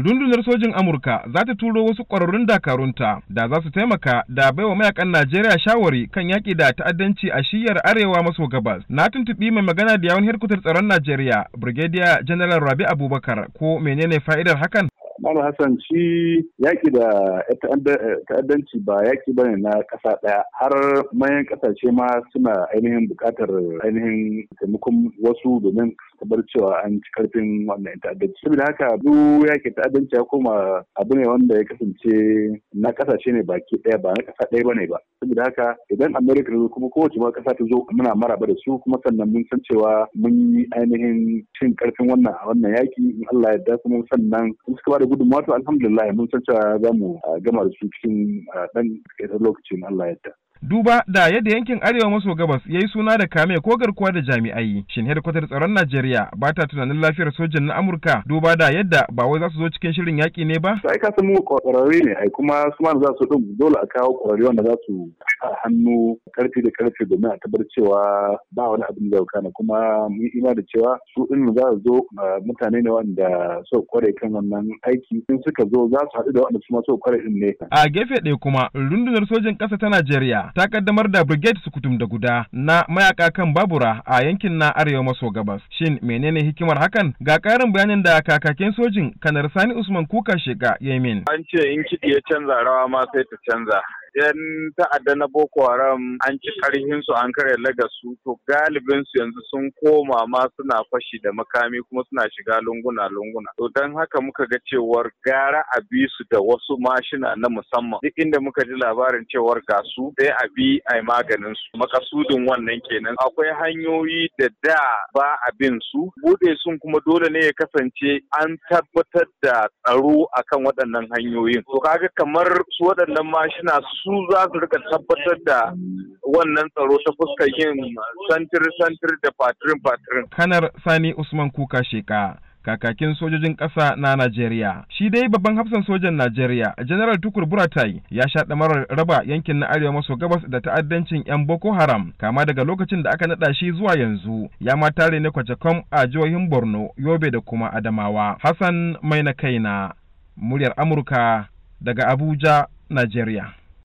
rundunar sojin Amurka za ta turo wasu ƙwararrun dakarunta da za su taimaka da baiwa mayakan Najeriya shawari kan yaƙi da ta'addanci a shiyar arewa maso gabas. Na tuntuɓi mai magana da yawon harkutar tsaron Najeriya, Brigadier General Rabi Abubakar ko menene fa'idar hakan? Malam Hassan shi yaƙi da ta'addanci ba yaƙi bane na ƙasa ɗaya har mayan ƙasashe ma suna ainihin buƙatar ainihin taimakon wasu domin tabbar cewa an ci karfin wannan ta'addanci. Saboda haka duk yaƙi ta'addanci ya koma abu ne wanda ya kasance na ƙasashe ne baki ɗaya ba na ƙasa ɗaya bane ba. Saboda haka idan Amerika ta zo kuma kowace ma ƙasa ta zo muna maraba da su kuma sannan mun san cewa mun yi ainihin cin karfin wannan a wannan yaƙi in Allah ya yarda kuma sannan suka ba da gudunmawa to alhamdulillah mun san cewa za mu ah, gama da su cikin dan ah, lokaci in Allah yadda. duba da yadda yankin arewa maso gabas ya yi suna da kame ko garkuwa da jami'ai shin hedkwatar tsaron najeriya ba ta tunanin lafiyar sojan na amurka duba da yadda ba wai za su zo cikin shirin yaƙi ne ba aika ka san mu kwararre ne ai kuma su ma za su ɗin dole a kawo kwararre wanda za su a hannu karfi da karfe domin a tabbatar cewa ba wani abin da kana kuma mun ima da cewa su din za su zo mutane ne wanda so kware kan wannan aiki in suka zo za su haɗu da wanda su ma so kware din ne a gefe ɗaya kuma rundunar sojan ƙasa ta najeriya ta kaddamar da Brigade Sukutum da guda na mayaka kan babura a yankin na Arewa maso gabas. Shin menene hikimar hakan? Ga ƙarin bayanin da kakakin sojin Kanar Sani Usman Kuka Sheka Yemen. An ce in kiɗi ya canza rawa ma sai ta canza. yan ta'adda na Boko Haram an ci karhin su an kare lagasu to galibin su yanzu sun koma ma suna fashi da makami kuma suna shiga lunguna lunguna to dan haka muka ga cewar gara a bi su da wasu mashina na musamman duk inda muka ji labarin cewar ga su sai a bi ai maganin su makasudin wannan kenan akwai hanyoyi da da ba abin su bude sun kuma dole ne ya kasance an tabbatar da tsaro akan waɗannan hanyoyin to kaga kamar su waɗannan mashina su? su za su rika tabbatar da wannan tsaro ta fuskar yin santir-santir da fatirin-fatirin. Kanar Sani Usman Kuka Sheka. kakakin sojojin ƙasa na Najeriya. Shi dai babban hafsan sojan Najeriya, General Tukur Buratai, ya sha ɗamarar raba yankin na Arewa maso gabas da ta'addancin 'yan Boko Haram, kama daga lokacin da aka naɗa shi zuwa yanzu, ya ma tare ne kwacakwam a jihohin Borno, Yobe da kuma Adamawa. Hassan Maina Kaina, muryar Amurka daga Abuja, Najeriya.